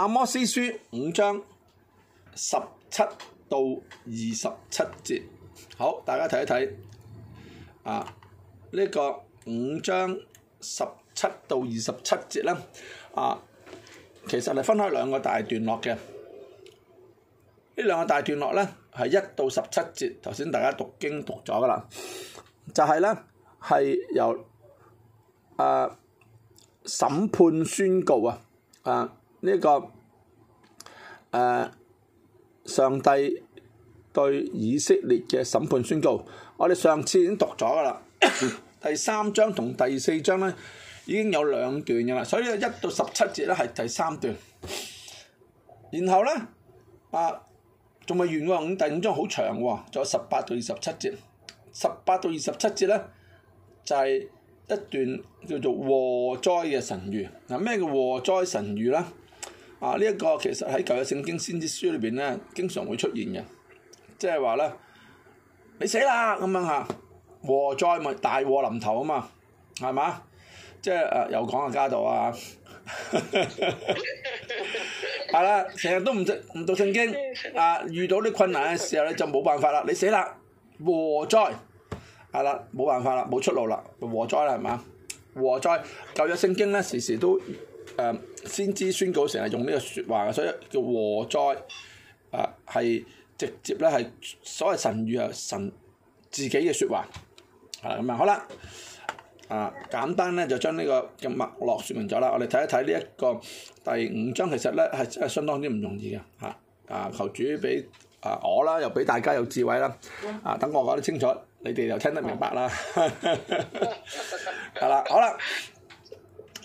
阿摩斯書五章十七到二十七節，好，大家睇一睇啊，呢個五章十七到二十七節咧，啊，其實係分開兩個大段落嘅。呢兩個大段落咧，係一到十七節，頭先大家讀經讀咗噶啦，就係咧係由啊審判宣告啊啊。呢個誒上帝對以色列嘅審判宣告，我哋上次已經讀咗㗎啦。第三章同第四章咧已經有兩段㗎啦，所以一到十七節咧係第三段。然後咧啊，仲未完喎，五第五章好長喎，仲有十八到二十七節。十八到二十七節咧就係一段叫做禍災嘅神諭。嗱，咩叫禍災神諭咧？啊！呢、這、一個其實喺舊約聖經先知書裏邊咧，經常會出現嘅，即係話咧，你死啦咁樣吓，禍災咪大禍臨頭啊嘛，係嘛？即係誒、呃、又講阿加道啊，係 啦，成日都唔讀唔讀聖經啊，遇到啲困難嘅時候咧就冇辦法啦，你死啦，禍災，係啦，冇辦法啦，冇出路啦，禍災啦係嘛？禍災舊約聖經咧時時都。誒先知宣告成日用呢個説話嘅，所以叫禍哉，啊係直接咧係所謂神語啊，神自己嘅説話，係咁啊好啦，啊簡單咧就將呢個嘅脈絡説明咗啦，我哋睇一睇呢一個第五章，其實咧係係相當之唔容易嘅嚇，啊求主俾啊我啦，又俾大家有智慧啦，啊等我講得清楚，你哋又聽得明白啦，係啦、啊、 好啦。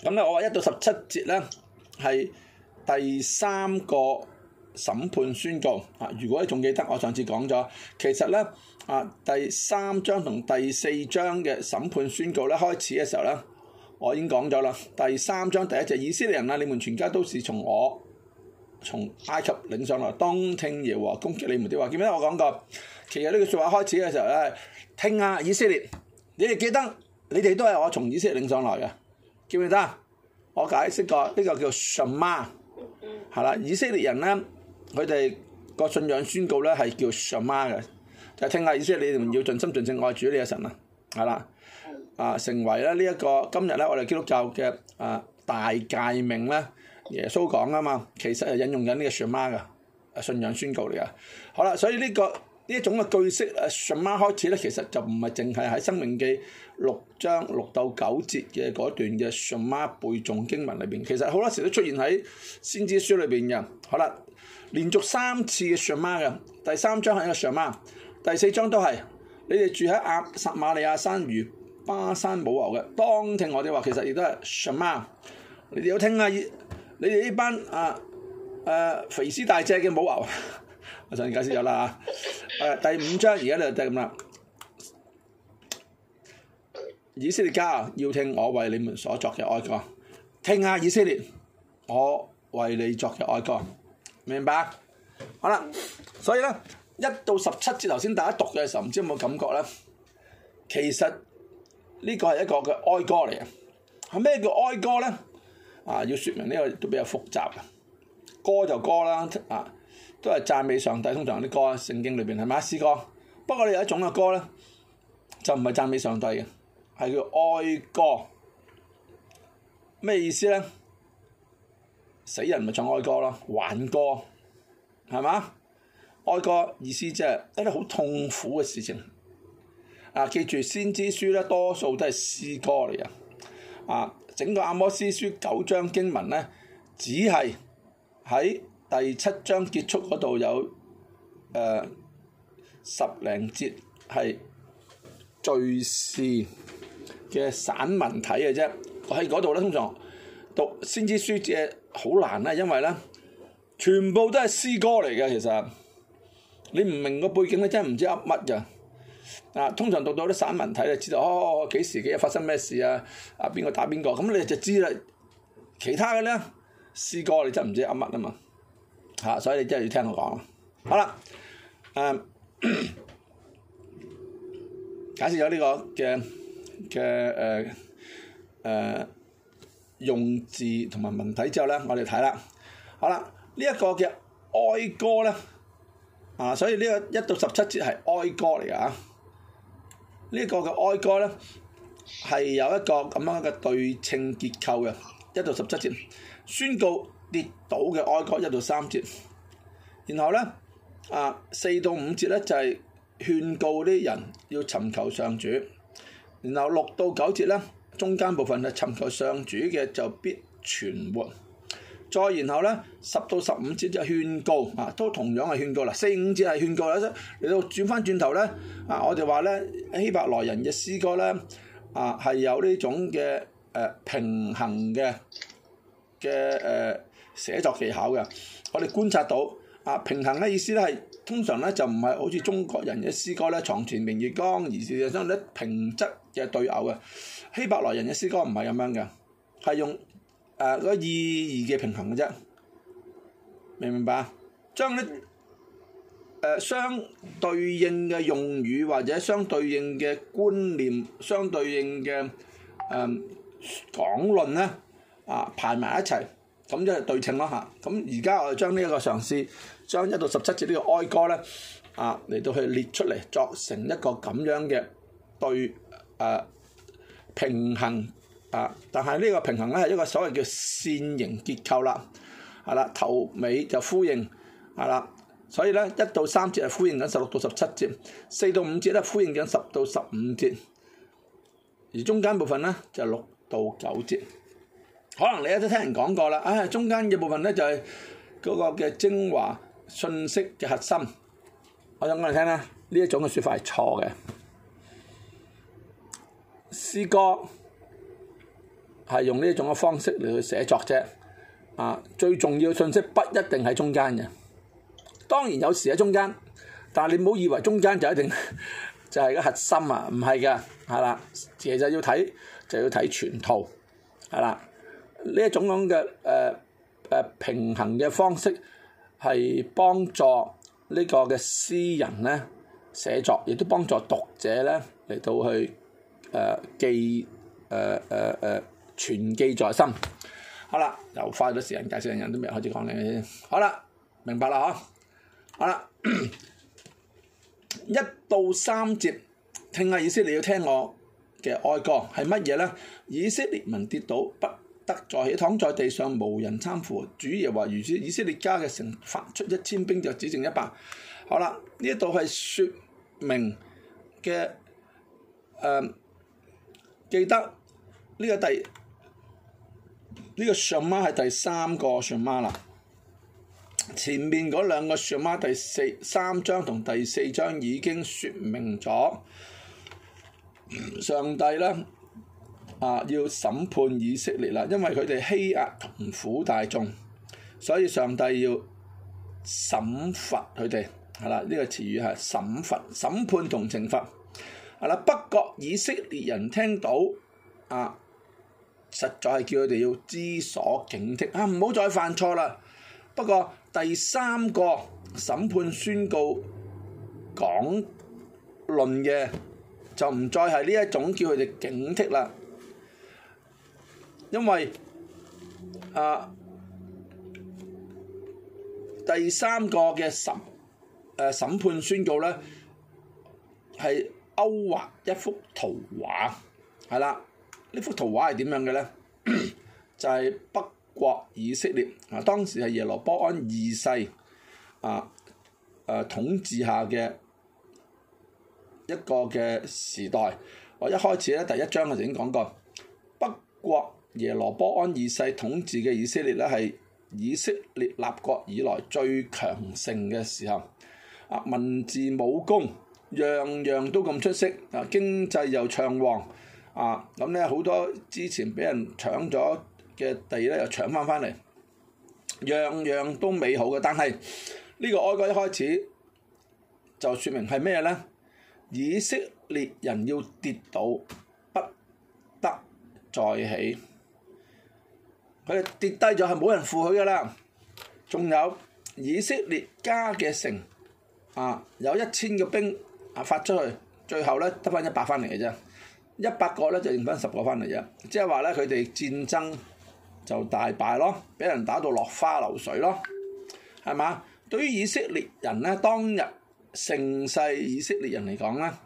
咁咧、嗯，我話一到十七節咧，係第三個審判宣告啊！如果你仲記得我上次講咗，其實咧啊，第三章同第四章嘅審判宣告咧，開始嘅時候咧，我已經講咗啦。第三章第一隻以色列人啊，你們全家都是從我從埃及領上來，當聽耶和華攻擊你們啲話，記唔記得我講過？其實呢個説話開始嘅時候咧，聽啊，以色列，你哋記得，你哋都係我從以色列領上來嘅。記唔記得？我解釋過呢、這個叫示瑪？係啦，以色列人咧，佢哋個信仰宣告咧係叫示瑪嘅，就係、是、聽下以色列人，你哋要盡心盡性愛主你嘅神啊，係啦，啊、呃、成為咧呢一個今日咧我哋基督教嘅啊、呃、大誡命咧，耶穌講啊嘛，其實係引用緊呢個示瑪嘅信仰宣告嚟噶，好啦，所以呢、這個。呢一種嘅句式，誒 Shema 開始咧，其實就唔係淨係喺《申命記》六章六到九節嘅嗰段嘅 Shema 背誦經文裏邊，其實好多時都出現喺先知書裏邊嘅。好啦，連續三次嘅 Shema 嘅，第三章係一個 Shema，第四章都係。你哋住喺亞撒瑪利亞山如巴珊母牛嘅，當聽我哋話，其實亦都係 Shema。你哋有聽下，你哋呢班啊誒、啊、肥屍大隻嘅母牛。我上次介紹咗啦嚇，誒第五章而家咧就得咁啦。以色列家，要聽我為你們所作嘅哀歌，聽下以色列，我為你作嘅哀歌，明白？好啦，所以咧一到十七節頭先大家讀嘅時候，唔知有冇感覺咧？其實呢個係一個嘅哀歌嚟嘅，係咩叫哀歌咧？啊，要説明呢個都比較複雜。歌就歌啦，啊～都係讚美上帝，通常啲歌啊，聖經裏邊係咪啊？詩歌，不過你有一種嘅歌咧，就唔係讚美上帝嘅，係叫哀歌。咩意思咧？死人咪唱哀歌咯，挽歌，係嘛？哀歌，歌意思即係一啲好痛苦嘅事情。啊！記住先知書咧，多數都係詩歌嚟嘅。啊，整個阿摩司書九章經文咧，只係喺。第七章結束嗰度有誒、呃、十零節係敘事嘅散文體嘅啫。喺嗰度咧，通常讀先知書籍好難咧，因為咧全部都係詩歌嚟嘅。其實你唔明個背景咧，你真係唔知噏乜㗎。啊，通常讀到啲散文體就知道哦，幾時幾日發生咩事啊？啊，邊個打邊個咁，你就知啦。其他嘅咧，詩歌，你真係唔知噏乜啊嘛～嚇、啊！所以你真係要聽我講咯。好啦，誒、啊， 解釋咗呢個嘅嘅誒誒用字同埋文體之後咧，我哋睇啦。好啦，呢、這、一個嘅哀歌咧，啊，所以呢個一到十七節係哀歌嚟㗎！呢、這、一個嘅哀歌咧，係有一個咁樣嘅對稱結構嘅，一到十七節宣告。跌倒嘅哀歌一到三節，然後咧啊四到五節咧就係、是、勸告啲人要尋求上主，然後六到九節咧中間部分咧尋求上主嘅就必存活，再然後咧十到十五節就勸告啊，都同樣係勸告啦。四五節係勸告，有陣嚟到轉翻轉頭咧啊，我哋話咧希伯來人嘅詩歌咧啊係有呢種嘅誒、呃、平衡嘅嘅誒。寫作技巧嘅，我哋觀察到啊，平衡嘅意思咧係通常咧就唔係好似中國人嘅詩歌咧，牀前明月光，而係將啲平質嘅對偶嘅，希伯來人嘅詩歌唔係咁樣嘅，係用誒個、啊、意義嘅平衡嘅啫，明唔明白？將啲誒相對應嘅用語或者相對應嘅觀念、相對應嘅誒講論咧，啊，呢啊排埋一齊。咁即係對稱咯吓，咁而家我將呢一個嘗試，將一到十七節呢個哀歌咧，啊嚟到去列出嚟，作成一個咁樣嘅對誒、呃、平衡啊，但係呢個平衡咧係一個所謂叫線形結構啦，係啦頭尾就呼應係啦，所以咧一到三節係呼應緊十六到十七節，四到五節咧呼應緊十到十五節，而中間部分咧就六、係、到九節。可能你都聽人講過啦，啊，中間嘅部分咧就係、是、嗰個嘅精華信息嘅核心。我想講你聽啦，呢一種嘅説法係錯嘅。詩歌係用呢一種嘅方式嚟去寫作啫。啊，最重要嘅信息不一定喺中間嘅。當然有時喺中間，但係你唔好以為中間就一定就係、是、個核心啊，唔係㗎，係啦，其實要睇就要睇全套。係啦。呢一種咁嘅誒誒平衡嘅方式，係幫助呢個嘅詩人咧寫作，亦都幫助讀者咧嚟到去誒記誒誒誒存記在心。好啦，又花咗時間介紹人人都未開始講咧。好啦，明白啦，嗬。好啦，一到三節聽下意思，你要聽我嘅哀歌係乜嘢咧？以色列民跌倒不得在起躺在地上，無人攙扶，主耶華話：如此，以色列家嘅城發出一千兵就只剩一百。好啦，呢一度係説明嘅誒、嗯，記得呢、呢個第呢、呢個上嗎係第三個上嗎啦。前面嗰兩個上嗎，第四三章同第四章已經説明咗上帝啦。啊！要審判以色列啦，因為佢哋欺壓窮苦大眾，所以上帝要審罰佢哋，係啦呢個詞語係審罰、審判同懲罰，係啦。不過以色列人聽到啊，實在係叫佢哋要知所警惕啊，唔好再犯錯啦。不過第三個審判宣告講論嘅就唔再係呢一種叫佢哋警惕啦。因為啊，第三個嘅審誒審判宣告咧，係勾畫一幅圖畫，係啦，呢幅圖畫係點樣嘅咧？ 就係、是、北國以色列啊，當時係耶羅波安二世啊誒、啊、統治下嘅一個嘅時代。我一開始咧，第一章我已經講過北國。耶羅波安二世統治嘅以色列咧，係以色列立國以來最強盛嘅時候。啊，文字武功樣樣都咁出色，啊，經濟又暢旺，啊，咁咧好多之前俾人搶咗嘅地咧又搶翻翻嚟，樣樣都美好嘅。但係呢、呢個哀歌一開始就説明係咩咧？以色列人要跌倒不得再起。佢哋跌低咗，係冇人負佢噶啦。仲有以色列家嘅城啊，有一千個兵啊發出去，最後咧得翻一百翻嚟嘅啫。一百個咧就剩翻十個翻嚟嘅，即係話咧佢哋戰爭就大敗咯，俾人打到落花流水咯，係嘛？對於以色列人咧，當日盛世以色列人嚟講咧，呢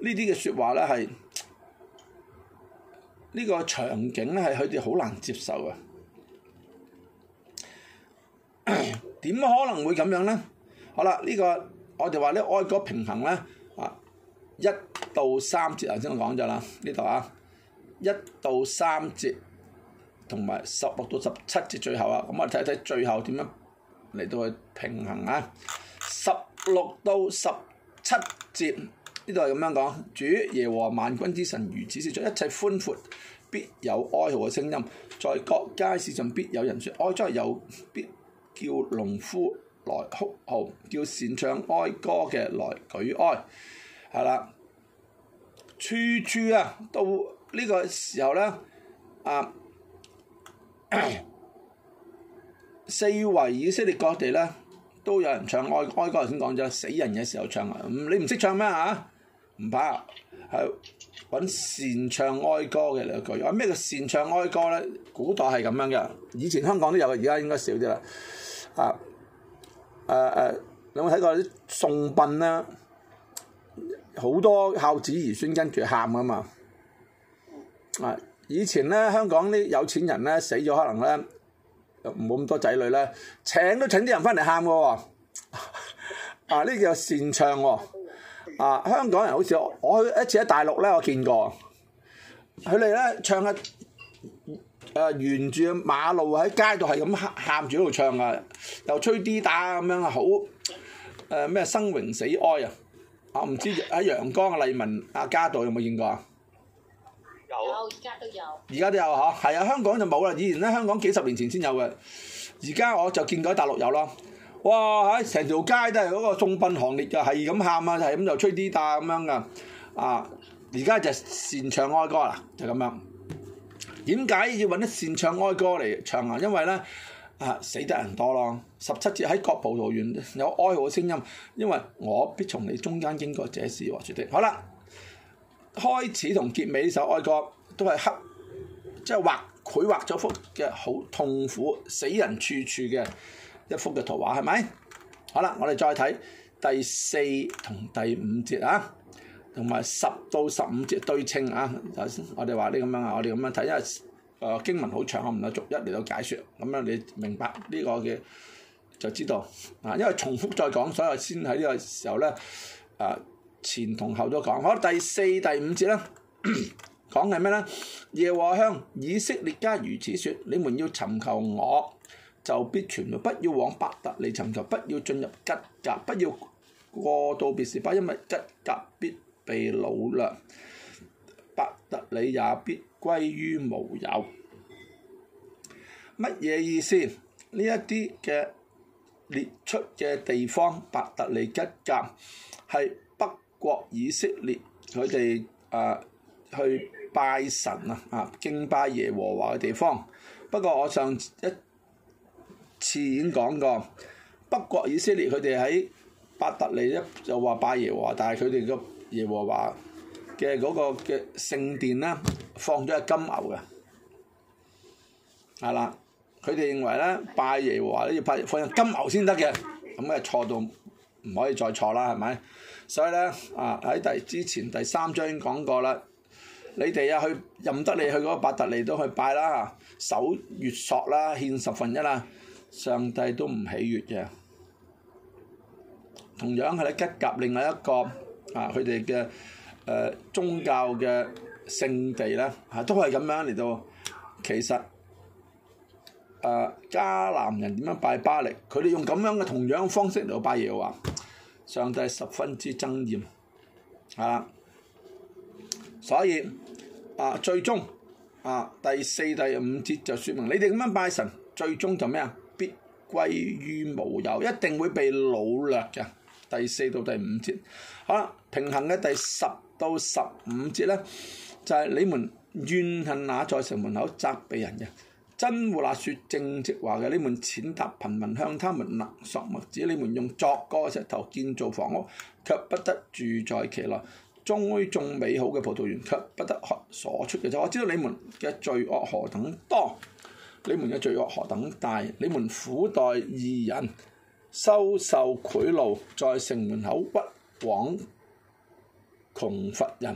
啲嘅説話咧係。呢個場景咧係佢哋好難接受嘅，點 可能會咁樣咧？好啦，呢個我哋話咧愛國平衡咧，啊一到三節頭先我講咗啦，呢度啊一到三節同埋十六到十七節最後啊，咁我哋睇睇最後點樣嚟到去平衡啊？十六到十七節。呢度係咁樣講，主耶和華萬軍之神如此說：在一切寬闊必有哀號嘅聲音，在各街市上必有人說哀哉！有必叫農夫來哭號，叫善唱哀歌嘅來舉哀，係啦。處處啊，到呢個時候咧，啊， 四圍以色列各地咧都有人唱哀哀歌。頭先講咗，死人嘅時候唱，唱啊，你唔識唱咩啊？唔怕，係揾擅唱哀歌嘅兩句。話咩叫擅唱哀歌咧？古代係咁樣嘅，以前香港都有，嘅，而家應該少啲啦。啊，誒、啊、誒，有冇睇過啲送殯咧？好多孝子兒孫跟住喊啊嘛！啊，以前咧香港啲有錢人咧死咗，可能咧唔好咁多仔女咧，請都請啲人翻嚟喊嘅喎。啊，呢叫擅唱喎、哦。啊！香港人好似我，我去一次喺大陸咧，我見過佢哋咧唱嘅，誒、呃、沿住馬路喺街度係咁喊住喺度唱啊，又吹 D 打咁樣啊，好誒咩、呃、生榮死哀啊！啊唔知喺陽江嘅 麗民啊、嘉道有冇見過啊？有，而家都有。而家都有嚇，係啊，啊！香港就冇啦，以前咧香港幾十年前先有嘅，而家我就見過喺大陸有咯。哇！喺成條街都係嗰個送殯行列嘅，係咁喊啊，係咁就吹啲打咁樣噶。啊！而家就擅唱哀歌啦，就咁樣。點解要揾啲擅唱哀歌嚟唱啊？因為呢，啊，死得人多咯。十七節喺各葡萄園有哀號嘅聲音，因為我必從你中間經過這，這是耶和華說的。好啦，開始同結尾呢首哀歌都係黑，即係畫佢畫咗幅嘅好痛苦死人處處嘅。一幅嘅圖畫係咪？好啦，我哋再睇第四同第五節啊，同埋十到十五節對稱啊。首先，我哋話呢咁樣啊，我哋咁樣睇，因為誒經文好長，我唔能逐一嚟到解説。咁樣你明白呢、呢個嘅就知道啊。因為重複再講，所以先喺呢個時候咧，誒、啊、前同後都講。好，第四第五節咧，講係咩咧？耶和華，以色列家如此説：你們要尋求我。就必全了，不要往伯特利尋求，不要進入吉甲，不要過度別是巴，因為吉甲必被擄掠，伯特利也必歸於無有。乜嘢意思？呢一啲嘅列出嘅地方，伯特利、吉甲係北國以色列佢哋啊去拜神啊，啊敬拜耶和華嘅地方。不過我上一次已經講過，北國以色列佢哋喺伯特利就呢一就話拜耶和華，但係佢哋個耶和華嘅嗰個嘅聖殿咧，放咗一金牛嘅，係啦，佢哋認為咧拜耶和華咧要拜放金牛先得嘅，咁啊錯到唔可以再錯啦，係咪？所以咧啊喺第之前第三章已經講過啦，你哋啊去任得你去嗰個伯特利都去拜啦，守月朔啦，獻十分一啊。上帝都唔喜悅嘅，同樣係咧吉甲，另外一個啊，佢哋嘅誒宗教嘅聖地咧，係都係咁樣嚟到。其實誒迦南人點樣拜巴力，佢哋用咁樣嘅同樣方式嚟到拜嘢嘅話，上帝十分之憎厭，係啦。所以啊，最終啊，第四、第五節就説明你哋咁樣拜神，最終就咩啊？歸於無有，一定會被擄掠嘅第四到第五節。好啦，平行嘅第十到十五節咧，就係、是、你們怨恨那在城門口責備人嘅，憎惡那説正直話嘅。你們踐踏貧民，向他們勒索麥子；你們用鑿過石頭建造房屋，卻不得住在其內；種，種美好嘅葡萄園，卻不得喝所出嘅。就我知道你們嘅罪惡何等多。你們嘅罪惡何等大！你們苦待義人，收受賄賂，在城門口屈枉窮乏人，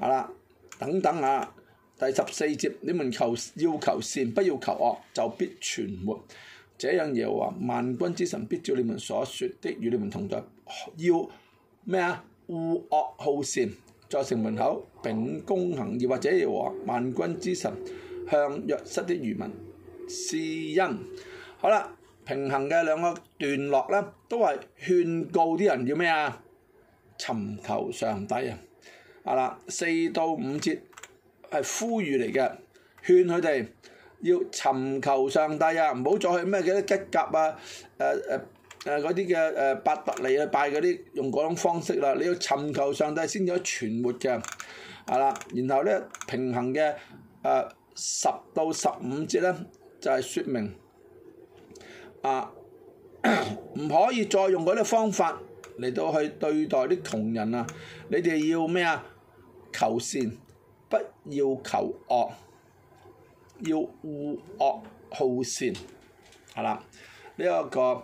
啊啦，等等啊！第十四節，你們求要求善不要求惡，就必存活。這樣耶和華，萬軍之神必照你們所說的與你們同在要。要咩啊？惡惡好善，在城門口秉公行義，或者耶和華萬軍之神。向約瑟啲餘民施恩，好啦，平衡嘅兩個段落咧，都係勸告啲人叫咩啊？尋求上帝啊！係啦，四到五節係呼籲嚟嘅，勸佢哋要尋求上帝啊！唔好再去咩嘅吉甲啊？誒誒誒嗰啲嘅誒伯特利去拜嗰啲用嗰種方式啦，你要尋求上帝先至有存活嘅，係啦，然後咧平衡嘅誒。呃十到十五節咧，就係、是、説明啊，唔 可以再用嗰啲方法嚟到去對待啲窮人啊！你哋要咩啊？求善，不要求惡，要互惡好善，係啦。呢、這、一個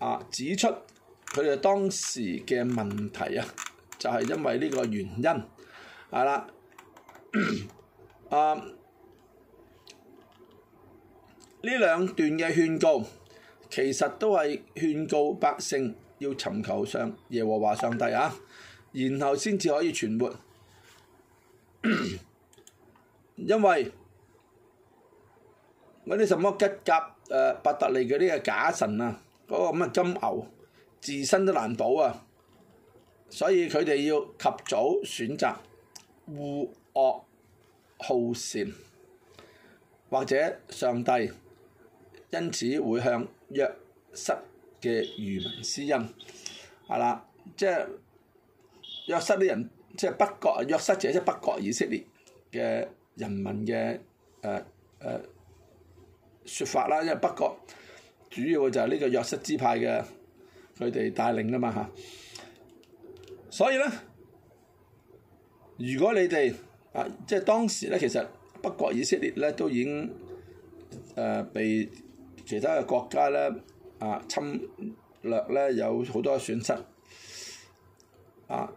啊指出佢哋當時嘅問題啊，就係、是、因為呢個原因，係啦，啊。 啊呢兩段嘅勸告，其實都係勸告百姓要尋求上耶和華上帝啊，然後先至可以存活。 因為嗰啲什麼吉甲、呃、伯特利嗰啲嘅假神啊，嗰、那個乜金牛自身都難保啊，所以佢哋要及早選擇惡惡好善，或者上帝。因此會向約瑟嘅餘民施恩，係啦，即係約瑟啲人即係北國啊，約瑟者就係即係北國以色列嘅人民嘅誒誒説法啦，因為北國主要就係呢個約瑟支派嘅佢哋帶領啦嘛嚇，所以咧，如果你哋啊，即係當時咧，其實北國以色列咧都已經誒、呃、被。其他嘅國家咧，啊，侵略咧有好多嘅損失，啊，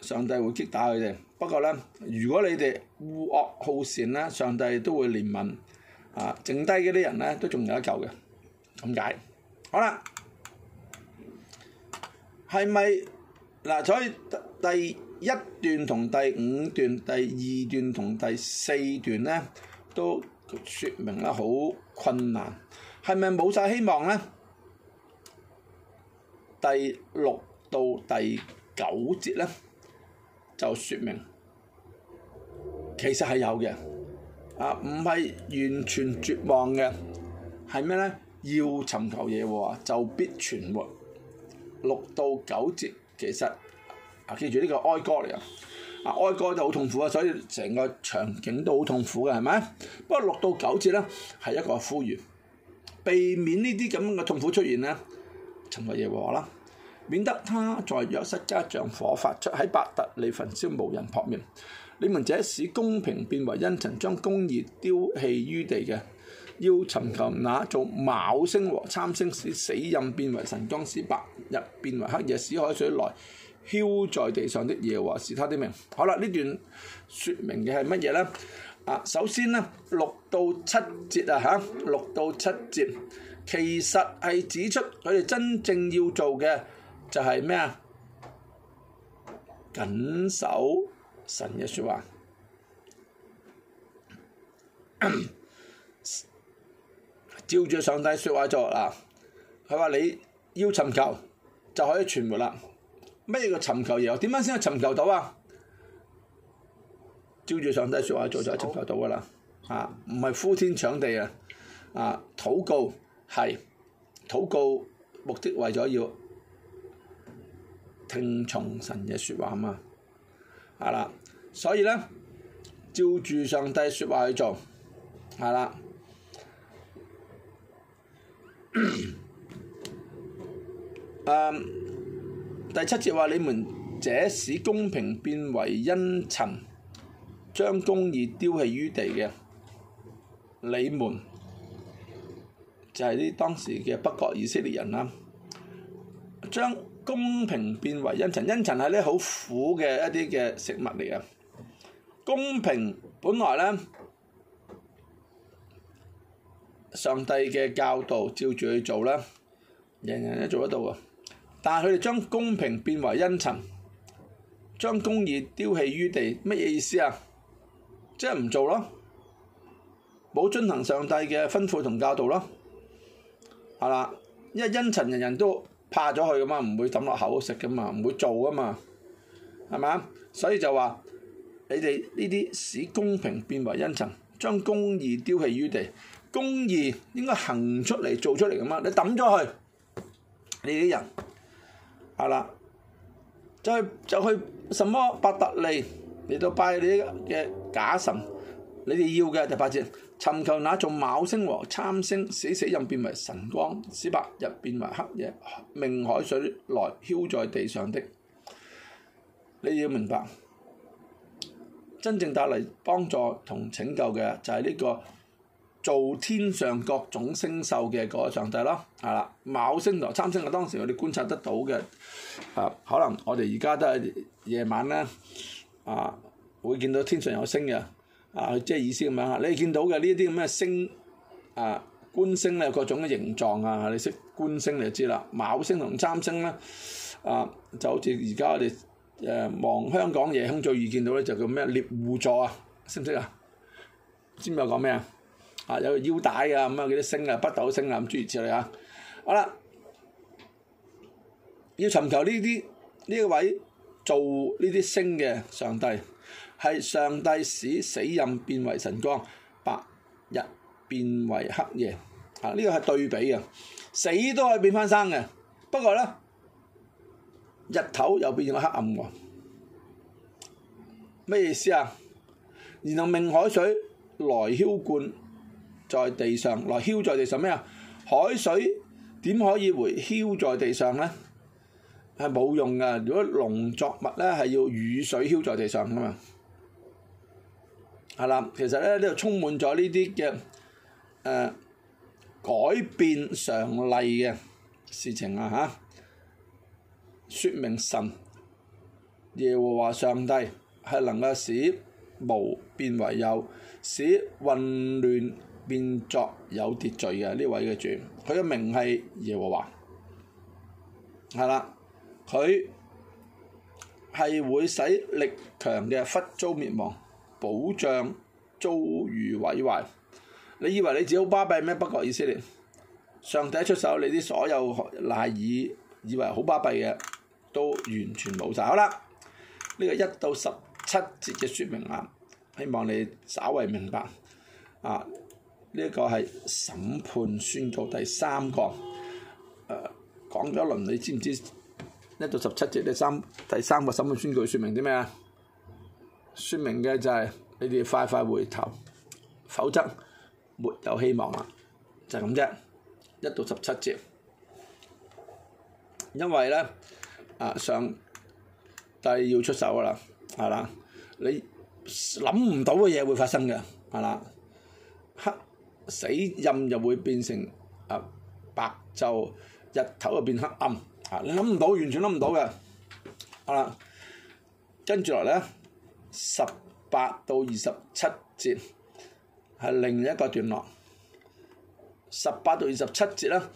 上帝會擊打佢哋。不過咧，如果你哋惡好善咧，上帝都會憐憫。啊，剩低嗰啲人咧都仲有一嚿嘅，咁解。好啦，係咪嗱？所以第一段同第五段、第二段同第四段咧，都説明啦，好困難。係咪冇晒希望咧？第六到第九節咧，就説明其實係有嘅，啊，唔係完全絕望嘅，係咩咧？要尋求嘢喎，就必存活。六到九節其實啊，記住呢個哀歌嚟啊，啊哀歌就好痛苦啊，所以成個場景都好痛苦嘅，係咪？不過六到九節咧，係一個呼籲。避免呢啲咁嘅痛苦出現呢，尋求耶和華啦，免得他在約瑟家像火發出，喺伯特利焚燒，無人撲滅。你們這使公平變為茵蔯，將公義丟棄於地嘅，要尋求那做昴星和參星，使死蔭變為晨光，使白日變為黑夜，使海水來囂在地上的耶和華是他的名。好啦，呢段説明嘅係乜嘢呢？啊，首先呢六到七節啊，嚇，六到七節，其實係指出佢哋真正要做嘅就係咩 啊？緊守神嘅説話，照住上帝説話做啦。佢話你要尋求就可以存活啦。咩叫尋求嘢啊？點樣先可以尋求到啊？照住上帝説話去做就一直做到噶啦，啊，唔係呼天搶地啊，啊，禱告係禱告，目的為咗要聽從神嘅説話吖嘛，係啦，所以咧照住上帝説話去做，係啦，誒第七節話你們這使公平變為茵蔯。將公義丟棄於地嘅你們，就係啲當時嘅北國以色列人啦。將公平變為茵蔯，茵蔯係咧好苦嘅一啲嘅食物嚟嘅。公平本來咧，上帝嘅教導照住去做啦，人人都做得到嘅。但係佢哋將公平變為茵蔯，將公義丟棄於地，乜嘢意思啊？即係唔做咯，冇遵行上帝嘅吩咐同教導咯，係啦，因為茵蔯人人都怕咗佢噶嘛，唔會抌落口食噶嘛，唔會做噶嘛，係咪啊？所以就話你哋呢啲使公平變為茵蔯，將公義丟棄於地，公義應該行出嚟做出嚟噶嘛，你抌咗去，你啲人，係啦，再再去什麼伯特利嚟到拜你啲嘅。假神，你哋要嘅第八節，尋求那造昴星和參星，死死又變為晨光，死白又變為黑夜，命海水來澆在地上的。你要明白，真正帶嚟幫助同拯救嘅就係呢、這個造天上各種星宿嘅嗰個上帝咯，係啦，昴星和參星，當時我哋觀察得到嘅、啊，可能我哋而家都係夜晚啦，啊。會見到天上有星嘅，啊，即係意思咁樣嚇。你見到嘅呢啲咁嘅星，啊，官星咧有各種嘅形狀啊，你識官星你就知啦。卯星同三星咧，啊，就好似而家我哋誒望香港夜空最易見到咧，就叫咩獵戶座啊，識唔識啊？知唔知我講咩啊？啊，有個腰帶啊，咁啊，幾多星啊，北斗星啊，咁諸如此類啊。好啦，要尋求呢啲呢個位做呢啲星嘅上帝。係上帝使死蔭變為晨光，白日變為黑夜，啊，呢個係對比嘅，死都可以變翻生嘅。不過咧，日頭又變咗黑暗喎。咩意思啊？然後命海水來澆灌在地上，來澆在地上咩啊？海水點可以回澆在地上咧？係冇用㗎。如果農作物咧係要雨水澆在地上㗎嘛。係啦，其實咧呢度充滿咗呢啲嘅誒改變常例嘅事情啊嚇，説明神耶和華上帝係能夠使無變為有，使混亂變作有秩序嘅呢位嘅主，佢嘅名係耶和華，係啦，佢係會使力強嘅忽遭滅亡。保障遭遇毀壞，你以為你自己好巴閉咩？不過以色列上帝一出手，你啲所有賴以以為好巴閉嘅都完全冇曬。好啦，呢、這個一到十七節嘅説明啊，希望你稍為明白啊，呢、這、一個係審判宣告第三個。誒、呃，講咗一輪，你知唔知一到十七節嘅三第三個審判宣告説明啲咩啊？説明嘅就係你哋快快回頭，否則沒有希望啦，就係咁啫。一到十七節，因為咧啊上帝要出手噶啦，係啦，你諗唔到嘅嘢會發生嘅，係啦，黑死陰又會變成啊白晝，就日頭又變黑暗，啊你諗唔到，完全諗唔到嘅，啊跟住落嚟咧。十八到二十七節係另一個段落，十八到二十七節啦，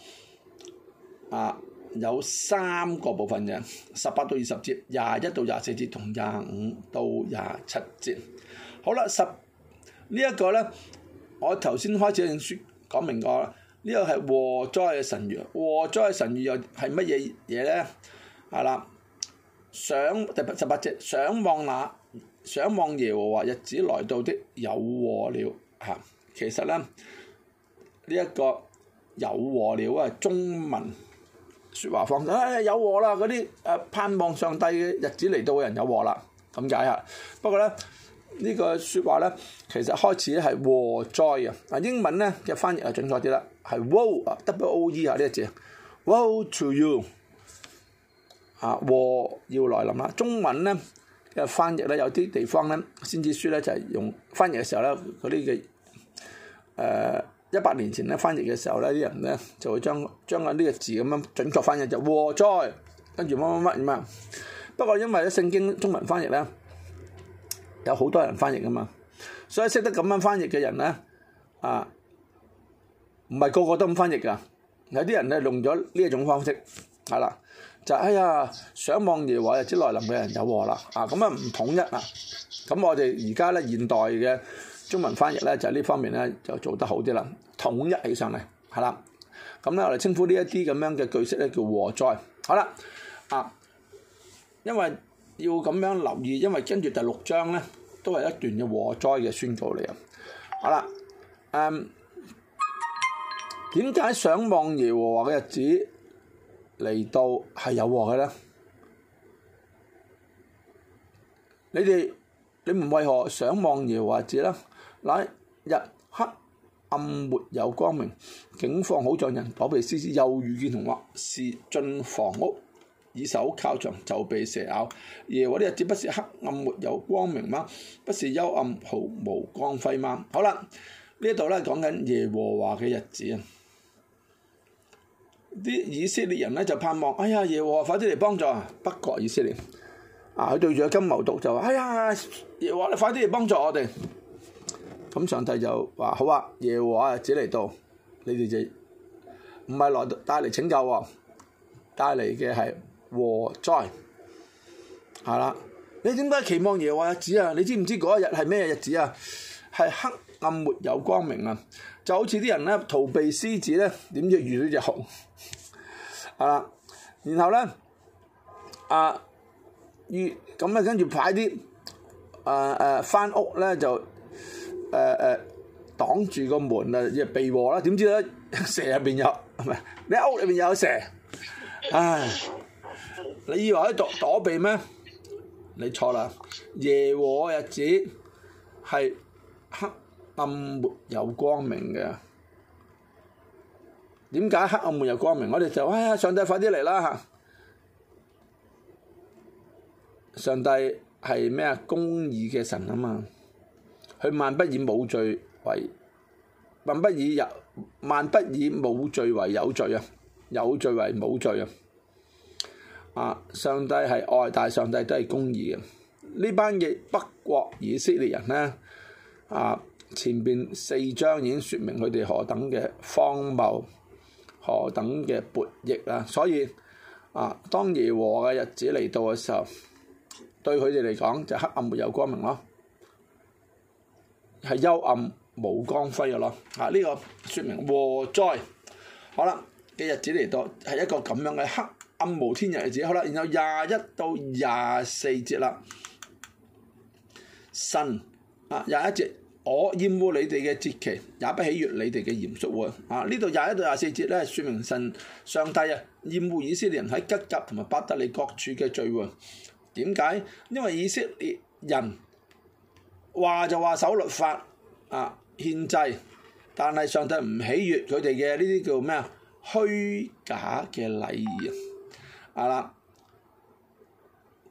啊有三個部分嘅，十八到二十節、廿一到廿四節同廿五到廿七節。好啦，十呢一個咧，我頭先開始本書講明過啦，呢、這個係禍災嘅神諭，禍災嘅神諭又係乜嘢嘢咧？係啦，想第十八節，想望哪？想望耶和華日子來到的有禍了，嚇、啊！其實咧呢一、這個有禍了啊，中文説話方式、哎、有禍啦，嗰啲誒盼望上帝嘅日子嚟到嘅人有禍啦，咁解啊！不過咧呢、這個説話咧，其實開始咧係禍哉嘅，啊英文咧嘅、這個、翻譯係準確啲啦，係 wo 啊 w o, o e 啊呢個字，wo to you 啊禍要來臨啦、啊，中文咧。因為翻譯咧，有啲地方咧，先知書咧就係用翻譯嘅時候咧，嗰啲嘅誒一百年前咧翻譯嘅時候咧，啲人咧就會將將緊呢個字咁樣準確翻譯就禍哉，跟住乜乜乜咁啊！不過因為咧聖經中文翻譯咧有好多人翻譯啊嘛，所以識得咁樣翻譯嘅人咧啊，唔係個個都咁翻譯噶，有啲人咧用咗呢一種方式，係啦。就哎呀，想望耶和華日子來臨嘅人有禍啦！啊，咁啊唔統一啦。咁我哋而家咧現代嘅中文翻譯咧，就係呢方面咧就做得好啲啦，統一起上嚟係啦。咁咧、啊、我哋稱呼呢一啲咁樣嘅句式咧叫禍災。好啦，啊，因為要咁樣留意，因為跟住第六章咧都係一段嘅禍災嘅宣告嚟啊。好啦，誒，點解想望耶和華嘅日子？嚟到係有禍嘅咧，你哋你們為何想望耶和華子？咧？那日黑暗沒有光明，警方好像人躲避獅子，又遇見同話是進房屋，以手靠牆就被蛇咬。耶和華的日子不是黑暗沒有光明嗎？不是幽暗毫無光輝嗎？好啦，呢一度咧講緊耶和華嘅日子啊！啲以色列人咧就盼望，哎呀，耶和華快啲嚟幫助啊！北國以色列，啊，佢對住金牛犢就話，哎呀，耶和華你快啲嚟幫助我哋。咁上帝就話：好啊，耶和華啊，嘅日子嚟到，你哋就唔係來帶嚟拯救喎，帶嚟嘅係禍災。係啦，你點解期望耶和華嘅日子啊？你知唔知嗰一日係咩日子啊？係黑暗，沒有光明啊！就好似啲人咧逃避獅子咧，點知遇到隻熊啊！然後咧啊，於咁咧跟住，快啲啊，啊返屋咧就誒，誒擋住個門啊，即係避禍啦。點知咧，蛇入邊有唔係？你屋裏邊有蛇，唉！你以為可以躲躲避咩？你錯啦！夜禍日子係黑。暗沒有光明嘅，點解黑暗沒有光明？我哋就哎呀！上帝快啲嚟啦！上帝係咩啊？公義嘅神啊嘛，佢萬不以冇罪為，萬不以有，萬不以冇罪為有罪啊，有罪為冇罪啊！啊，上帝係愛，但係上帝都係公義嘅。呢班嘅北國以色列人呢，啊！前邊四章已經説明佢哋何等嘅荒謬，何等嘅悖逆啊！所以啊，當耶和嘅日子嚟到嘅時候，對佢哋嚟講就黑暗沒有光明咯，係幽暗無光輝嘅咯。啊，呢個説明禍災好啦嘅日子嚟到係一個咁樣嘅黑暗無天日嘅日子。好啦，然後廿一到廿四節啦，神啊廿一節。我厭惡你哋嘅節期，也不喜悅你哋嘅嚴肅會。啊，呢度廿一到廿四節咧，説明神上帝啊厭惡以色列人喺吉甲同埋伯特利各處嘅聚會。點解？因為以色列人話就話守律法啊獻祭，但係上帝唔喜悅佢哋嘅呢啲叫咩啊？虛假嘅禮儀。啊啦，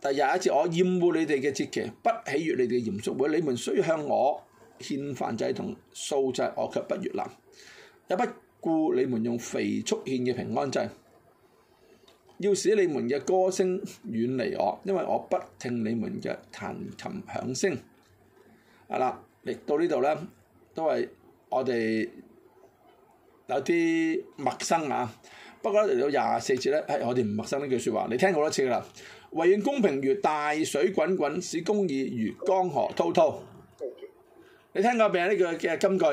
第廿一節，我厭惡你哋嘅節期，不喜悅你哋嘅嚴肅會。你們需向我。獻燔祭同素祭，我卻不悦納，也不顧你們用肥畜獻嘅平安祭，要使你們嘅歌聲遠離我，因為我不聽你們嘅彈琴響聲。好、啊、嗱，嚟到呢度呢，都係我哋有啲陌生啊，不過嚟到廿四節呢，係、哎、我哋唔陌生呢句説話，你聽好多次啦。唯願公平如大水滾滾，使公義如江河滔滔。你聽過未呢句嘅金句？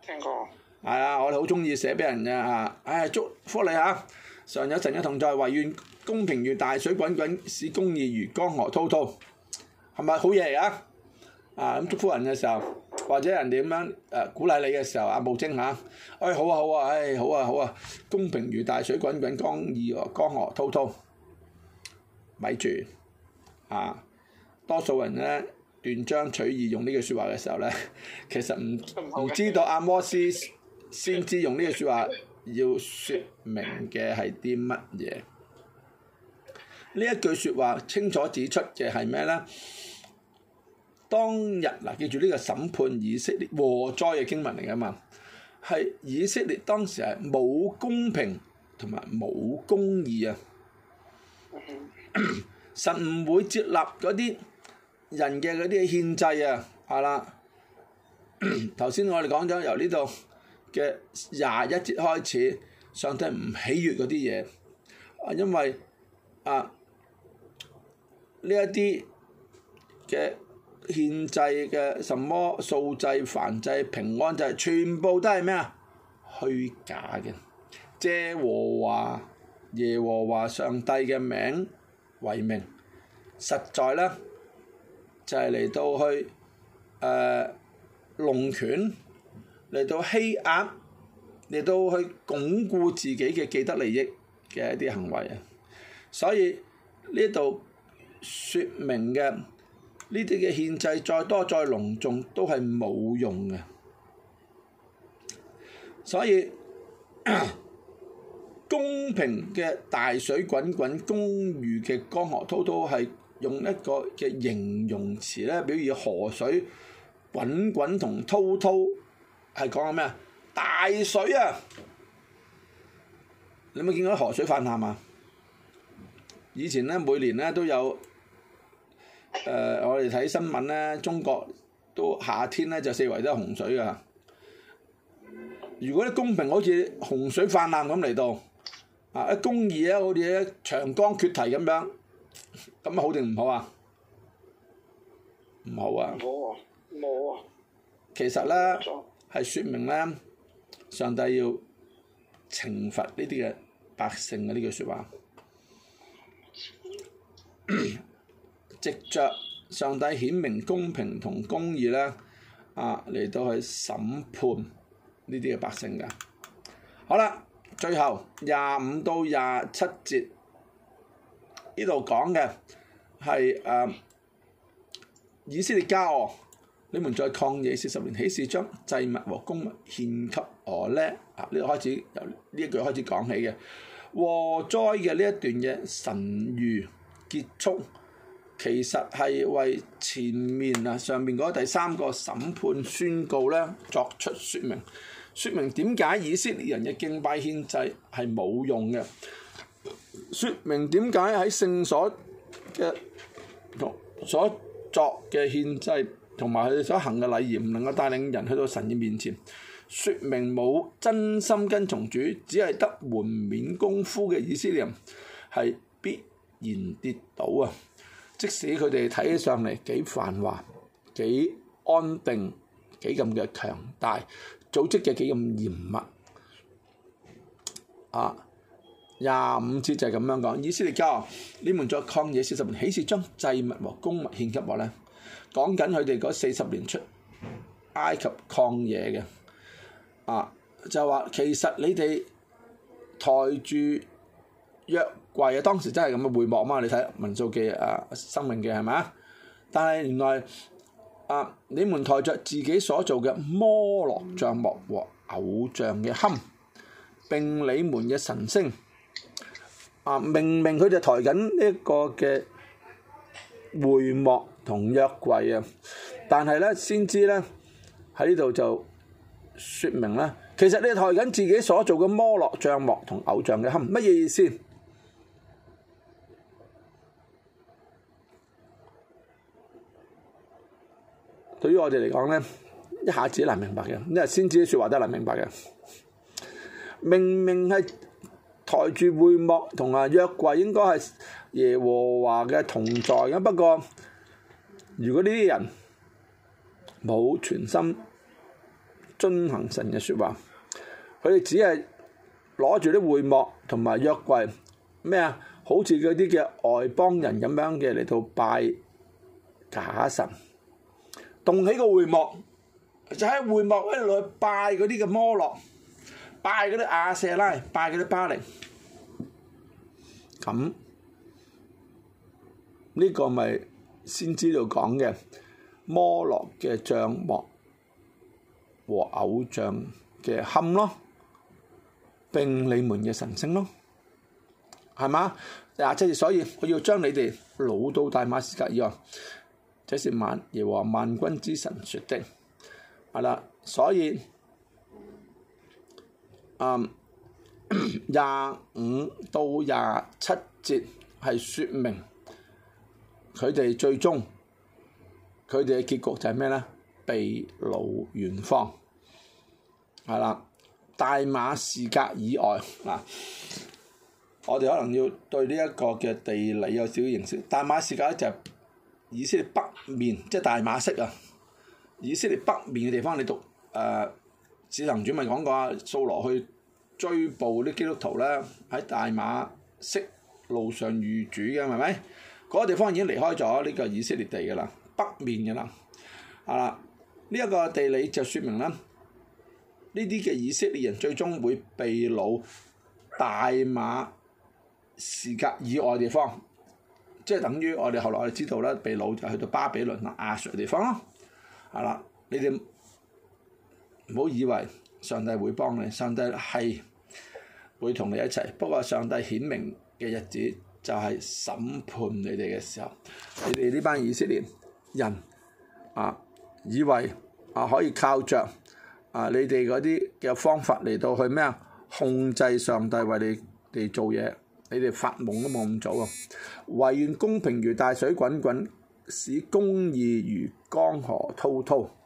聽過。係啊，我哋好中意寫俾人嘅嚇，唉，祝福你嚇！上有神有同在，唯願公平如大水滾滾，使公義如江河滔滔，係咪好嘢嚟啊？啊咁祝福人嘅時候，或者人哋點樣誒鼓勵你嘅時候啊，報稱嚇，哎好啊好啊，哎好啊好啊，公平如大水滾滾，公義如江河滔滔，咪住，啊，多數人咧。斷章取義，用呢句説話嘅時候咧，其實唔唔知道阿摩斯先知用呢句説話要説明嘅係啲乜嘢？呢一句説話清楚指出嘅係咩咧？當日嗱，記住呢個審判以色列禍災嘅經文嚟嘅嘛，係以色列當時係冇公平同埋冇公義啊！神唔會接納嗰啲。人嘅嗰啲獻祭啊，係啦，頭先我哋講咗由呢度嘅廿一節開始，上帝唔喜悅嗰啲嘢，啊因為啊呢一啲嘅獻祭嘅什麼素祭、燔祭、平安祭，全部都係咩啊？虛假嘅，借和華耶和華上帝嘅名為名，實在咧。就係嚟到去，誒，弄權，嚟到欺壓，嚟到去鞏固自己嘅既得利益嘅一啲行為啊！所以呢度説明嘅呢啲嘅限制再多再隆重都係冇用嘅，所以公平嘅大水滾滾，公義嘅江河滔滔係。用一個嘅形容詞咧，表示河水滾滾同滔滔，係講緊咩啊？大水啊！你有冇見過河水泛濫啊？以前咧，每年咧都有誒、呃，我哋睇新聞咧，中國都夏天咧就四圍都係洪水㗎！如果咧公平好似洪水泛濫咁嚟到，啊一公義咧好似咧長江缺堤咁樣。咁好定唔好啊？唔好啊！冇啊！冇啊！其實咧，係説明咧，上帝要懲罰呢啲嘅百姓嘅呢句説話， 藉着上帝顯明公平同公義咧，啊嚟到去審判呢啲嘅百姓㗎。好啦，最後廿五到廿七節。呢度講嘅係誒以色列家哦，你們在曠野四十年豈是將祭物和供物獻給我咧，啊呢個開始由呢一句開始講起嘅，禍災嘅呢一段嘅神諭結束，其實係為前面啊上面嗰第三個審判宣告咧作出説明，説明點解以色列人嘅敬拜獻祭係冇用嘅。説明點解喺聖所嘅同所作嘅獻祭，同埋佢所行嘅禮儀，唔能夠帶領人去到神嘅面前，説明冇真心跟從主，只係得門面功夫嘅以色列人係必然跌倒啊！即使佢哋睇起上嚟幾繁華、幾安定、幾咁嘅強大，組織嘅幾咁嚴密啊！廿五節就係咁樣講以色列家啊，你們在曠野四十年，豈是將祭物和供物獻給我呢？講緊佢哋嗰四十年出埃及曠野嘅，啊就話其實你哋抬住約櫃嘅當時真係咁嘅會幕嘛？你睇民數記啊，申命記係咪啊？但係原來啊，你們抬著自己所做嘅摩洛帳幕和偶像嘅龕，並你們嘅神星。啊！明明佢就抬緊呢個嘅會幕同約櫃啊，但係咧先知咧喺呢度就説明啦。其實你抬緊自己所做嘅摩洛帳幕同偶像嘅龕，乜嘢意思？對於我哋嚟講咧，一下子難明白嘅，因為先知嘅説話都難明白嘅。明明係。抬住會幕同埋約櫃，應該係耶和華嘅同在啊！不過，如果呢啲人冇全心遵行神嘅説話，佢哋只係攞住啲會幕同埋約櫃，咩啊？好似嗰啲嘅外邦人咁樣嘅嚟到拜假神，動起個會幕，就喺會幕一度去拜嗰啲嘅摩洛。拜嗰啲亞舍拉，拜嗰啲巴力，咁呢個咪先知道講嘅摩洛嘅帳幕和偶像嘅冚咯，並你們嘅神星咯，係嘛？嗱，即係所以我要將你哋老到大馬士革以外，這是萬耶和萬軍之神説的，係啦，所以。廿、um, 五到廿七節係説明佢哋最終佢哋嘅結局就係咩咧？被擄遠方，係啦，大馬士革以外嗱、啊，我哋可能要對呢一個嘅地理有少少認識。大馬士革就係以色列北面，即係大馬色啊！以色列北面嘅地方，你讀誒。呃使徒行傳咪講過啊，掃羅去追捕啲基督徒咧，喺大馬色路上遇主嘅，係咪？嗰、那個地方已經離開咗呢個以色列地噶啦，北面噶啦，啊！呢、這、一個地理就説明啦，呢啲嘅以色列人最終會被擄大馬士革以外嘅地方，即係等於我哋後來我哋知道咧，被擄就去到巴比倫啊亞述嘅地方咯，係啦，你哋。唔好以為上帝會幫你，上帝係會同你一齊。不過上帝顯明嘅日子就係審判你哋嘅時候，你哋呢班以色列人啊，以為啊可以靠著啊你哋嗰啲嘅方法嚟到去咩啊控制上帝為你哋做嘢，你哋發夢都冇咁早啊。唯願公平如大水滾滾，使公義如江河滔滔。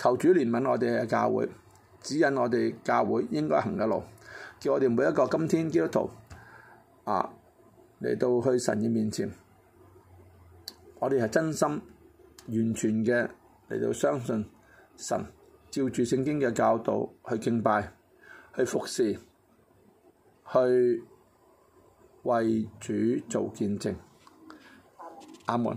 求主憐憫我哋嘅教會，指引我哋教會應該行嘅路，叫我哋每一個今天基督徒啊，嚟到去神嘅面前，我哋係真心完全嘅嚟到相信神，照住聖經嘅教導去敬拜，去服侍，去為主做見證。阿門。